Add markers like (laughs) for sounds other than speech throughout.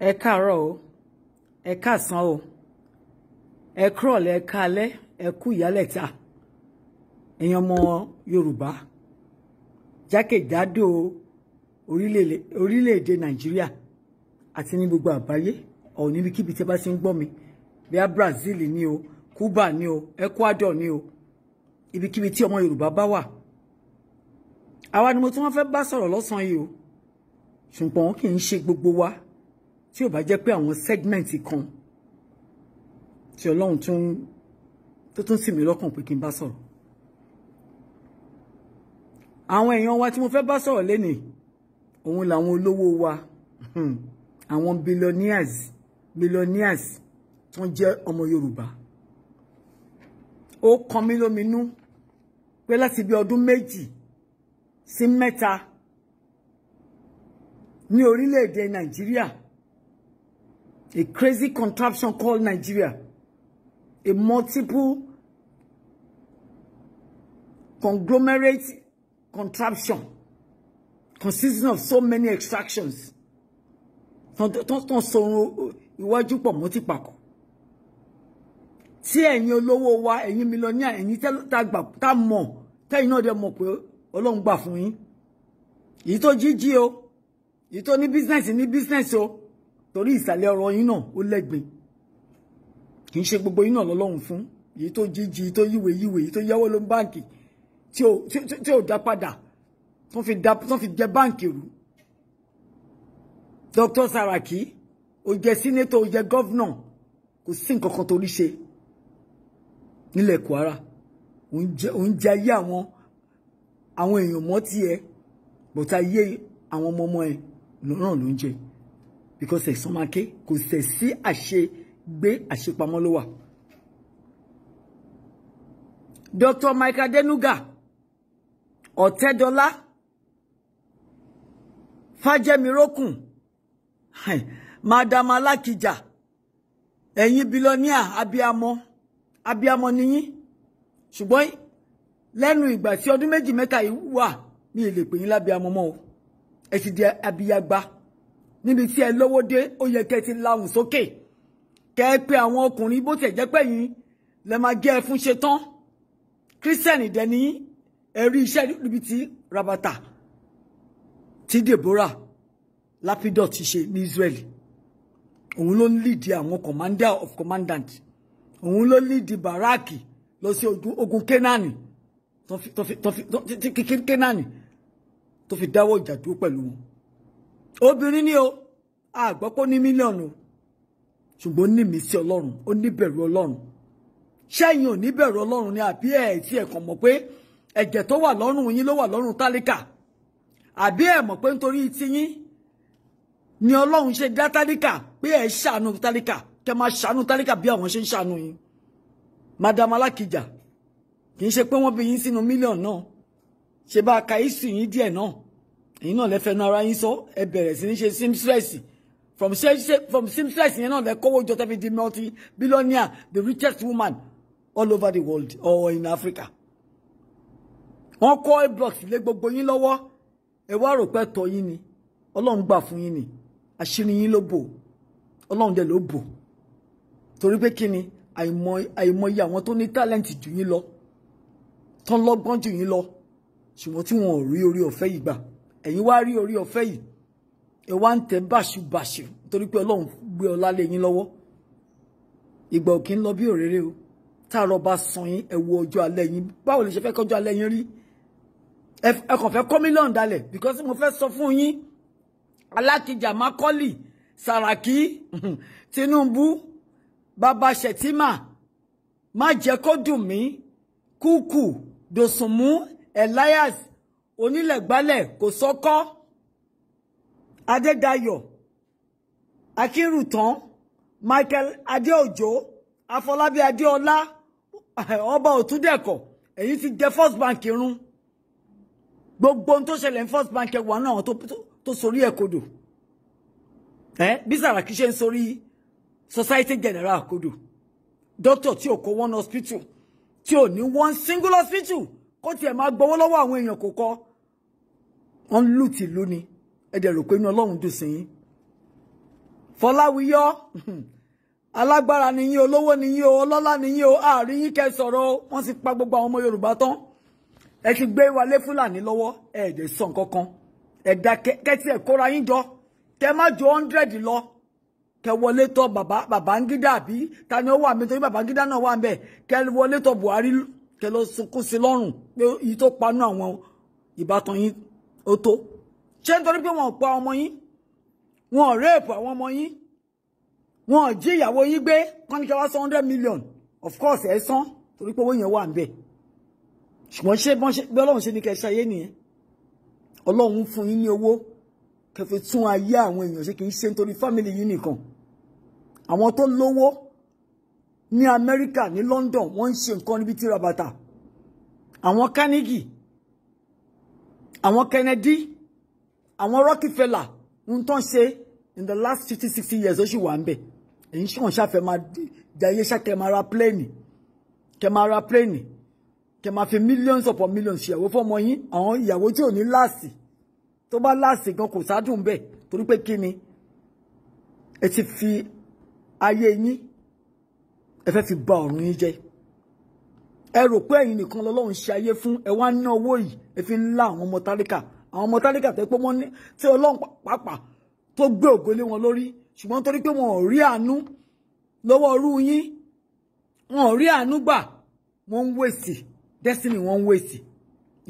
ẹ káàárọ̀ o ẹ káàsán o ẹ kúrọ̀lẹ́ ẹ káalẹ́ ẹ kú ìyálẹ̀ta ẹ̀yin ọmọ Yorùbá jákèjádò orílẹ̀-èdè Nàìjíríà àti ní gbogbo àgbáyé ọ̀hún níbikíbi tí bá ti ń gbọ́ mi bíá Brazil ni o Cuba ni o Ecuador ni o ibikíbi tí ọmọ Yorùbá bá wà àwa ni mo tún wọn fẹ́ bá sọ̀rọ̀ lọ́sàn-án yìí o ṣùgbọ́n kì í ṣe gbogbo wa tí ò bá jẹ́ pé àwọn segment kan tí Ọlọ́run tún tó tún sì mí lọ́kàn pé kí n bá sọ̀rọ̀ àwọn èèyàn wa tí mo fẹ́ bá sọ̀rọ̀ lénìí òun làwọn olówó wa hmm. àwọn billionaires billionaires tó ń jẹ́ ọmọ Yorùbá ó kan mí lóminú pé láti bí ọdún méjì sí mẹ́ta ní orílẹ̀-èdè Nàìjíríà a crazy contraption called Nigeria, a multiple conglomerate contraption consisting of so many extractions. Tọ́n sọ̀rọ̀ iwájú pọ̀ mọ́ ti pàkọ́. Tí ẹ̀yin olówó wa, ẹ̀yin mílíọ̀nìà, ẹ̀yin tá mọ̀, tẹ́yìn náà dẹ̀ mọ̀ pé Ọlọ́run gbà fún yín. Èyí tó jíjí o, èyí tó ní bísínẹ́sì ní business o torí ìsàlẹ̀ ọ̀rọ̀ yín náà ó lẹ́gbin kì í ṣe gbogbo yín náà lọ́lọ́run fún èyí tó jíjí èyí tó yíwèé yíwèé èyí tó yáwó ló ń báǹkì tí ò dá padà tó fi jẹ báǹkì rú Dr. Saraki ó jẹ sínétọ̀ ó jẹ gọ́vnà kò sí nǹkan kan tó rí ṣe nílẹ̀ Kwara òun jẹ ayé àwọn àwọn èèyàn mọ́ tiẹ̀ bọ̀tà ayé àwọn ọmọ ọmọ ẹ̀ lọ́rùn ló ń jẹ because ẹ̀san máa ké kò sẹ̀ sí àṣegbé àṣepamọ́ ló wà. Dr. Michael Denuga Ọ̀tẹ́dọ́lá Fájẹ́mirókùn Madam Alákìjà ẹ̀yin bilọ́níà abiyamọ abiyamọ nìyín ṣùgbọ́n lẹ́nu ìgbà tí ọdún méjì mẹ́ta yìí wà mi ì lè pè yín lábiyamọ mọ́ o ẹ ti di abiyagba níbi tí ẹ lówó dé ó yẹ kẹ́ ti lahùn sókè kẹ́ ẹ pé àwọn ọkùnrin bó tẹ̀ jẹ́ pé yín lẹ máa jẹ́ ẹ fún ṣe tán kírísítẹ̀nì dẹ̀ ní ẹ̀rí iṣẹ́ níbi tí rabata tí Deborah Lapidot ti ṣe ní Israel òun ló ń lídìí àwọn commander of commandant òun ló lídìí baraki lọ sí ogun Kenani tó fi dáwọ́ ìjà dúró pẹ̀lú wọn obìnrin ni o àgbọ́pọ̀ ní mílíọ̀nù ṣùgbọ́n ní mí ọlọ́run ó ní bẹ̀rù ọlọ́run ṣẹ́yìn ò ní bẹ̀rù ọlọ́run ni àbí ẹ̀ tí ẹ̀ kàn mọ̀ pé ẹ̀jẹ̀ tó wà lọ́rùn yín ló wà lọ́rùn tálíkà àbí ẹ̀ mọ̀ pé nítorí tiyín ni ọlọ́run ṣe dá tálíkà pé ẹ̀ ṣàánú tálíkà kẹ́ máa ṣàánú tálíkà bí àwọn ṣe ń ṣàánú yín madam alákìjà kì í ṣe pé wọ́n bí yín sínú mílíọ̀nù náà ṣe bá a ka ìsìn yín díẹ̀ náà ẹ̀yin náà lẹ́fẹ̀ẹ́ náà ara yín sọ ẹ bẹ̀rẹ̀ sí ní ṣe simstress from from simstress yẹn náà lẹ kówó jọ tẹ́fi di multi billionaire the richest woman all over the world or in Africa. wọ́n kọ́ block lé gbogbo yín lọ́wọ́ ẹ wá rò pé tọ́ yín ni ọlọ́run gbà fún yín ni àṣírí yín ló bò ọlọ́run dẹ̀ ló bò torí pé kí ni àìmọye àwọn tó ní tálẹ́ǹtì jù yín lọ tán lọ́gbọ́n jù yín lọ ṣùgbọ́n tí wọn ò rí orí ọ̀fẹ́ yìí gbà ẹ̀yin wá rí orí ọ̀fẹ́ yìí ẹ wá ń tẹ báṣubàṣu torí pé ọlọ́run gbé ọlá lé yín lọ́wọ́ ìgbà òkè ń lọ bí òréré o táàrọ̀ bá sàn yín ẹ wo ọjọ́ alẹ́ yín báwo lè ṣe fẹ́ kọjọ́ alẹ́ yín rí ẹ kàn fẹ́ kọ́ mílíọ̀nù dalẹ̀ because mo fẹ́ sọ fún yín alákìjà mákọ́lì sàràkí (laughs) tinubu bàbá ṣètìmà má jẹ́ kó dùn mí kúkú dòsùnmú elias onílẹ̀gbálẹ̀ kò sọ́kọ́ adédayọ̀ akínrùtàn michael adéòjò afọlábí adéọlá ọba òtúndẹ̀kọ̀ èyí tí jẹ́ first bank run gbogbo ohun tó ṣẹlẹ̀ ní first bank wà náà tó sorí ẹ̀ kodò bí sàràkí ṣe ń sorí society general kodò doctor tí ò kó one hospital tí ò ní one single hospital kó tiẹ̀ máa gbowó lọ́wọ́ àwọn èèyàn kò kọ́ wọ́n lù tìlú ni ẹ̀dẹ̀ rò pé inú ọlọ́run dùn sí yín fọláwíyọ alágbára ni yín olówó ni yín o ọlọ́lá ni yín o ààrí yín kẹ́ sọ̀rọ̀ wọ́n ti pa gbogbo àwọn ọmọ yorùbá tán ẹ ti gbé wa lé fúlàní lọ́wọ́ ẹ ẹ̀dẹ̀ sọ nǹkan kan ẹ̀dá kẹ́tì ẹ̀ kóra yín jọ kẹ́ má ju hundred lọ kẹ́ wọlé tọ̀ bàbá Babangida àbí ta ni ó wà mí torí Babangida náà wà mbẹ kẹ́ wọlé tọ̀ Buhari kẹ́ lọ sunkún sí lọ́rùn pé èyí tó panú àwọn ìbátan yín ó tó ṣé nítorí pé wọn ò pa ọmọ yín wọn ò réèpù àwọn ọmọ yín wọn ò jí ìyàwó yín gbé kọ́nìkẹ́ wá san hundred million of course ẹ̀ san torí pé owó yẹn wà ń bẹ̀ ṣùgbọ́n ṣé bí ọlọ́run ṣe ní kẹ́ ṣayé nìyẹn ọlọ́run fún yín ní owó kẹfì tún ayé àwọn èèyàn ṣe kì í ṣe nítorí fámìlì yín nìkan àwọn to lówó ní Amẹ́ríkà ní London wọ́n ń ṣe nǹkan níbi tí rabata àwọn Carnegie àwọn Kennedy àwọn Rockefeller ń tán ṣe in the last fifty sixty years ó sì wà ń bẹ̀ èyí ṣe wọn ṣàfẹ́ máa jayé ṣàkẹ́ máa ra pléènì kẹ́ máa ra pléènì kẹ́ máa fi millions upon millions ṣèyàwó fọmọ yín àwọn ìyàwó tí ò ní láàsì tó bá láàsì gan kò sádùn bẹ́ẹ̀ torí pé kí ni ẹ ti fi ayé yín ẹ fẹ́ fi bà ọ̀run yín jẹ́ ẹ rò pé ẹ̀yin nìkan lọ́lọ́run ṣe ayé fún ẹ wá ná owó yìí ẹ fi ń lá àwọn ọmọ tálákà àwọn ọmọ tálákà tẹ́ pé wọ́n ní tí ọlọ́run pàápàá tó gbé ògo lé wọn lórí ṣùgbọ́n torí pé wọn ò rí àánú lọ́wọ́ ọrú yín wọn ò rí àánú gbà wọ́n ń wèsì destiny wọ́n ń wèsì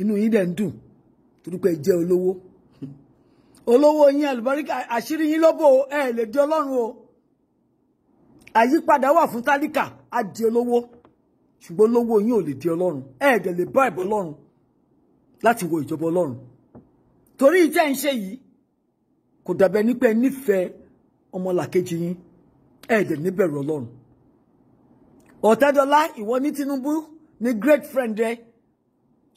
inú yín dẹ̀ ń dùn torí pé ẹ jẹ́ olówó olówó yín àlùbáríkà àṣírí yín lọ́bọ̀ ẹ lè di ọlọ́run o àyípadà wà fún tálákà á di olówó ṣùgbọ́n lówó yín ò lè di ọlọ́run ẹ̀ẹ́dẹ̀ lè bá ìbọn ọlọ́run láti wo ìjọba ọlọ́run torí ìtẹ́ ń ṣe yìí kò dàbẹ́ ní pé nífẹ̀ẹ́ ọmọlàkejì yín ẹ̀ẹ́dẹ̀ níbẹ̀rù ọlọ́run ọ̀tẹ́dọ́lá ìwọ ní Tinubu ní great friend rẹ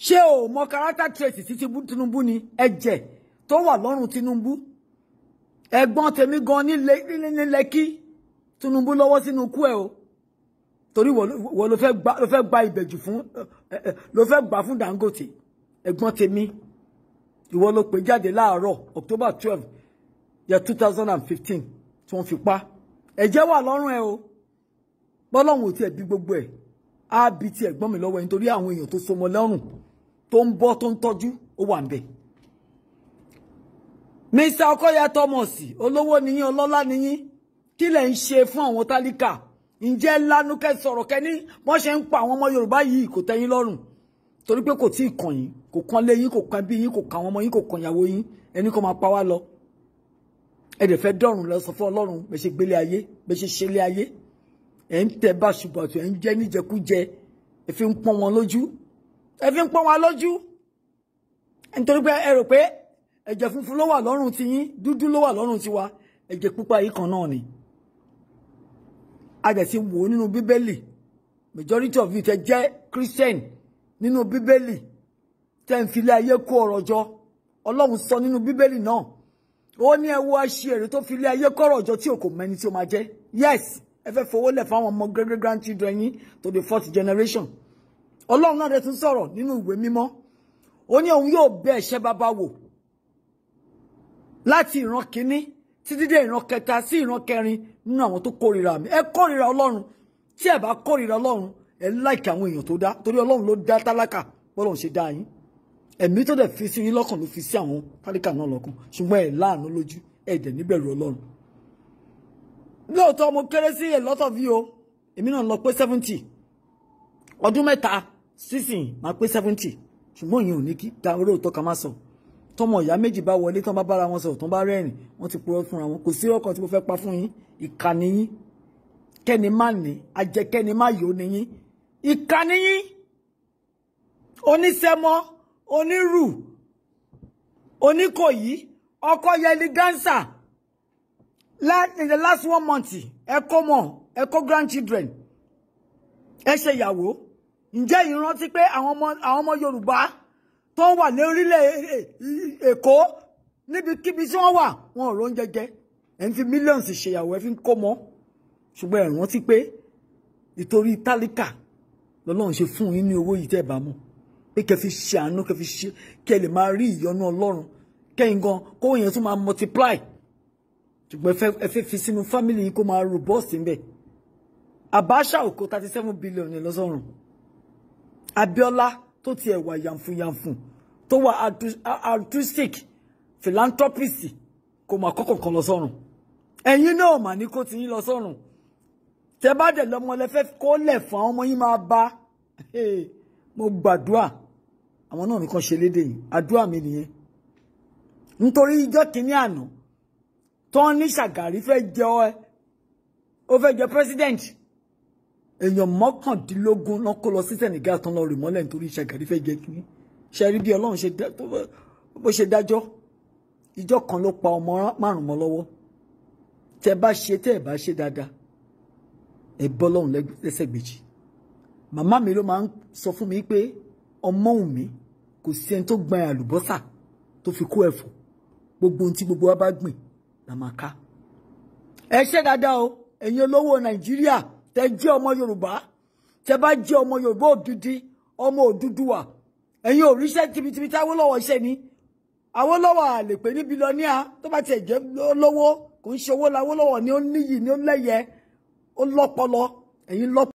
ṣé o mọ character trait sí Tinubu ni ẹ̀jẹ̀ tó wà lọ́rùn Tinubu ẹ̀gbọ́n tèmi gan ní Lẹ́kí Tinubu lọ́wọ́ sínú ikú ẹ̀ o torí wọ́n ló fẹ́ gba ìbẹ̀jù fún ló fẹ́ gbà fún Dangote ẹ̀gbọ́n tèmi ìwọ ló pè jáde láàárọ̀ October twelve yẹ two thousand and fifteen tí wọ́n fi pa ẹ̀jẹ̀ wà lọ́rùn ẹ o bọ́lọ́hún ò tiẹ̀ bí gbogbo ẹ̀ á bi ti ẹ̀gbọ́n mi lọ́wọ́ ẹ̀ nítorí àwọn èèyàn tó so mọ́ lọ́rùn tó ń bọ́ tó ń tọ́jú ó wà ń bẹ̀. Mr Okoya Thomas olówó niyín ọlọ́lá niyín kí lẹ̀ ń ṣe fún àwọn tálíkà ǹjẹ́ lanu kẹ́ sọ̀rọ̀ kẹ́ ní wọ́n ṣe ń pa àwọn ọmọ Yorùbá yìí kò tẹ́yìn lọ́rùn torí pé kò tí ì kàn yín kò kan lé yín kò kan bí yín kò kan àwọn ọmọ yín kò kan ìyàwó yín ẹni kò máa pa wá lọ ẹ dẹ̀ fẹ́ dọ̀rùn lọ sọ fún Ọlọ́run bẹ́ẹ̀ ṣe gbélé ayé bẹ́ẹ̀ ṣe ṣẹlé ayé ẹ̀ ń tẹ báṣubàtù ẹ̀ ń jẹ́ níjẹkújẹ ẹ fi ń pọ́n wọn lójú ẹ fi ń pọ́n wọn lójú nítorí pé ẹ rò pé ẹ̀jẹ̀ funfun ló wà lọ́rùn tiyín dúdú ló wà lọ́rùn tiwa ẹ̀jẹ̀ pupa yìí kan náà ni àdẹ̀sí wò ó nínú bíbélì majority of you tẹ jẹ́ christian nínú bíbélì tẹ ń filé ayé kó ọ̀rọ̀ jọ ọlọ́run sọ nínú bíbélì náà ó ní ẹ wo aṣèrè tó filé ayé kó ọ̀rọ̀ jọ tí o kò mẹ́ni tí o máa jẹ́ yes ẹ fẹ́ fowó lẹ̀ fáwọn ọmọ great grandchildren yín to the fourth generation ọlọ́run náà dẹ̀ tún sọ̀rọ̀ nínú ìwé mímọ́ ó ní òun yóò bẹ́ ẹ̀ṣẹ̀ bàbá wò láti ìran kínní títí dé ìran kẹta sí ìran kẹrin nínú àwọn tó kórìíra mi ẹ kórìíra ọlọ́run tí ẹ bá kórìíra ọlọ́run ẹ láìkí àwọn èèyàn tó dá torí ọlọ́run ló dá tálákà bọ́lọ́run ṣe dá yín ẹ̀mí tó dẹ̀ fi sí yín lọ́kàn ló fi sí àwọn tálákà náà lọ́kàn ṣùgbọ́n ẹ láàánú lójú ẹ dẹ̀ níbẹ̀rù ọlọ́run lóòótọ́ mo kéré sí a lot of you o èmi náà lọ pé seventy ọdún mẹ́ta sísìn máa pé seventy ṣùgbọ́n ìyẹn ò ní kí ta orí òótọ́ ká má sọ tọmọ ìyá méjì bá wọlé tán bá bára wọn sọ̀rọ̀ tán bá rẹ́rìn wọ́n ti purọ́ fúnra wọn kò sí ọkàn tí mo fẹ́ pa fún yín ìkànnì yín kẹ́ni má ní ajẹkẹ́ni má yòó ni yín ìkànnì yín onísẹ́mọ́ onírù oníkòyí ọkọ yẹli dancer in the last one month ẹ kó mọ ẹ kó grandchildren ẹ ṣe ìyàwó ǹjẹ́ ìrántí pé àwọn ọmọ Yorùbá tó wà ní orílẹ̀ eh, eh, èkó níbikíbi tí wọ́n wà wọn ò róúnjẹ jẹ ẹ̀ ń fi millions ṣèyàwó ẹ̀ fi ń kó mọ́ ṣùgbọ́n ẹ̀ rántí pé ìtorí tálíkà lọ́lọ́run ṣe fún yín ní owó yìí tẹ́ ẹ bá mọ̀ pé kẹ́ fi ṣe àánú kẹ́ fi ṣe kẹ́ lè máa rí ìyọ́nú ọlọ́run kẹ́yìn gan kówó yẹn tún máa multiply ṣùgbọ́n ẹ fẹ́ fi sínú family yìí kó máa robust níbẹ̀ Abacha oko thirty seven billion ní lọ́sọ̀rùn Abiola tó tiẹ̀ wà yànfùyànfùn tó wà altruistic philanthropist kò mà kọ́kọ́ kan lọ sọ́run ẹ̀yin náà mà ní kó ti yín lọ sọ́run tẹ bá dẹ̀ lọ́mọ lẹ́fẹ́ kó lẹ̀ fún àwọn ọmọ yín máa bá mo gbàdúrà àwọn náà nìkan ṣe léde yìí àdúrà mi nìyẹn nítorí ijọ́ kìíní àná tó ń ní ṣàgàrí fẹ́ jẹ ọ́ ẹ ó fẹ́ jẹ president èèyàn mọ́kàndínlógún náà kó lọ sí Senegal tán lọ rè mọ́lẹ̀ nítorí Ṣàgàrí fẹ́ jẹ́ kínní ṣe rí bí Ọlọ́run ṣe bó ṣe dájọ́ ìjọ kan ló pa ọmọ márùn mọ́ lọ́wọ́ tẹ bá ṣe tẹ bá ṣe dáadáa ẹ bọ́ lọ́run lẹ́sẹ̀ gbèjì màmá mi ló máa ń sọ fún mi pé ọmọ òun mi kò sí ẹni tó gbọn àlùbọ́sà tó fi kó ẹ̀fọ́ gbogbo ohun tí gbogbo wa bá gbìn la máa ká ẹ ṣe dáadáa o ẹ̀yin olówó Nàìjíríà tẹ jẹ́ ọmọ Yorùbá tẹ bá jẹ́ ọmọ Yorùbá òdìdí ọmọ Odùduwà ẹ̀yin òríṣẹ́ tibitibi tí Awólọ́wọ̀ ṣe ni Awólọ́wọ̀ lè pè ní bilọ́níà tó bá tiẹ̀ jẹ́ lówó kò ń ṣe owó làwọ́lọ́wọ̀ ni ó níyì ni ó lẹ́yẹ ó lọ́pọlọ ẹ̀yin lọ́pọlọ.